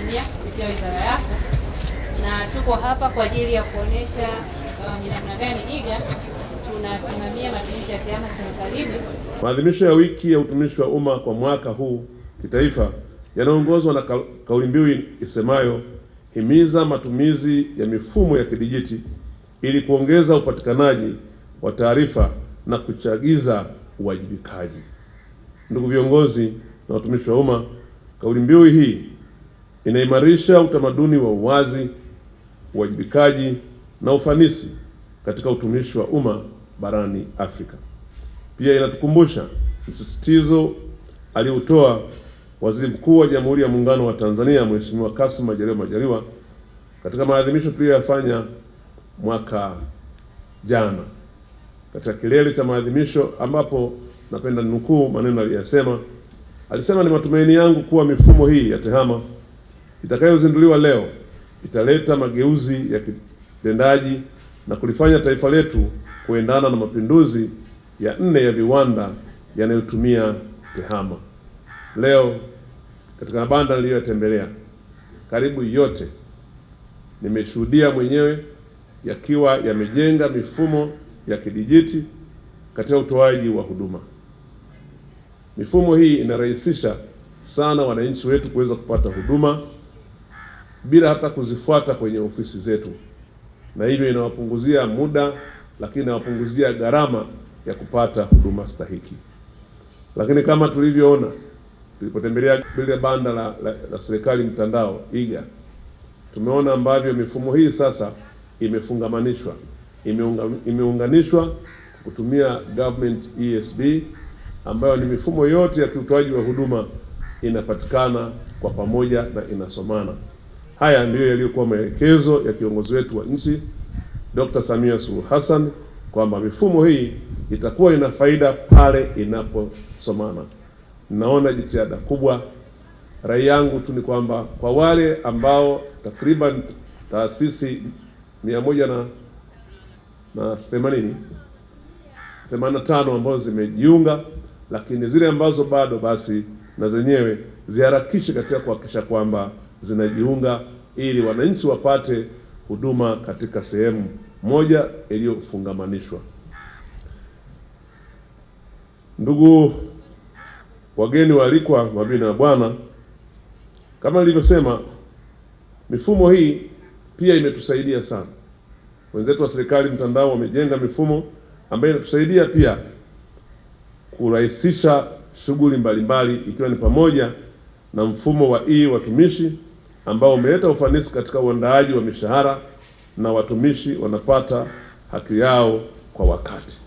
unayoisimamia kupitia wizara yako, na tuko hapa kwa ajili ya kuonesha um, ni uh, namna gani iga tunasimamia matumizi ya TEHAMA serikalini. Maadhimisho ya wiki ya utumishi wa umma kwa mwaka huu kitaifa yanaongozwa na kauli mbiu isemayo himiza matumizi ya mifumo ya kidijiti ili kuongeza upatikanaji wa taarifa na kuchagiza uwajibikaji. Ndugu viongozi na watumishi wa umma, kauli mbiu hii inaimarisha utamaduni wa uwazi, uwajibikaji na ufanisi katika utumishi wa umma barani Afrika. Pia inatukumbusha msisitizo aliotoa Waziri Mkuu wa Jamhuri ya Muungano wa Tanzania Mheshimiwa Kassim Majaliwa Majaliwa katika maadhimisho tuliyoyafanya mwaka jana katika kilele cha maadhimisho ambapo napenda nukuu maneno aliyosema. Alisema, ni matumaini yangu kuwa mifumo hii ya TEHAMA itakayozinduliwa leo italeta mageuzi ya kitendaji na kulifanya taifa letu kuendana na mapinduzi ya nne ya viwanda yanayotumia tehama. Leo katika mabanda niliyotembelea karibu yote nimeshuhudia mwenyewe yakiwa yamejenga mifumo ya kidijiti katika utoaji wa huduma. Mifumo hii inarahisisha sana wananchi wetu kuweza kupata huduma bila hata kuzifuata kwenye ofisi zetu, na hivyo inawapunguzia muda, lakini inawapunguzia gharama ya kupata huduma stahiki. Lakini kama tulivyoona tulipotembelea lile banda la, la, la serikali mtandao iga, tumeona ambavyo mifumo hii sasa imefungamanishwa, imeunga, imeunganishwa kutumia government ESB ambayo ni mifumo yote ya kiutoaji wa huduma inapatikana kwa pamoja na inasomana. Haya ndiyo yaliyokuwa maelekezo ya kiongozi wetu wa nchi Dr. Samia Suluhu Hassan kwamba mifumo hii itakuwa ina faida pale inaposomana. Naona jitihada kubwa. Rai yangu tu ni kwamba kwa wale ambao takriban taasisi mia moja na na themanini themanini na tano ambazo zimejiunga, lakini zile ambazo bado, basi na zenyewe ziharakishe katika kuhakikisha kwamba zinajiunga ili wananchi wapate huduma katika sehemu moja iliyofungamanishwa. Ndugu wageni waalikwa, mabibi na bwana, kama nilivyosema, mifumo hii pia imetusaidia sana. Wenzetu wa serikali mtandao wamejenga mifumo ambayo inatusaidia pia kurahisisha shughuli mbalimbali, ikiwa ni pamoja na mfumo wa e-watumishi ambao umeleta ufanisi katika uandaaji wa mishahara na watumishi wanapata haki yao kwa wakati.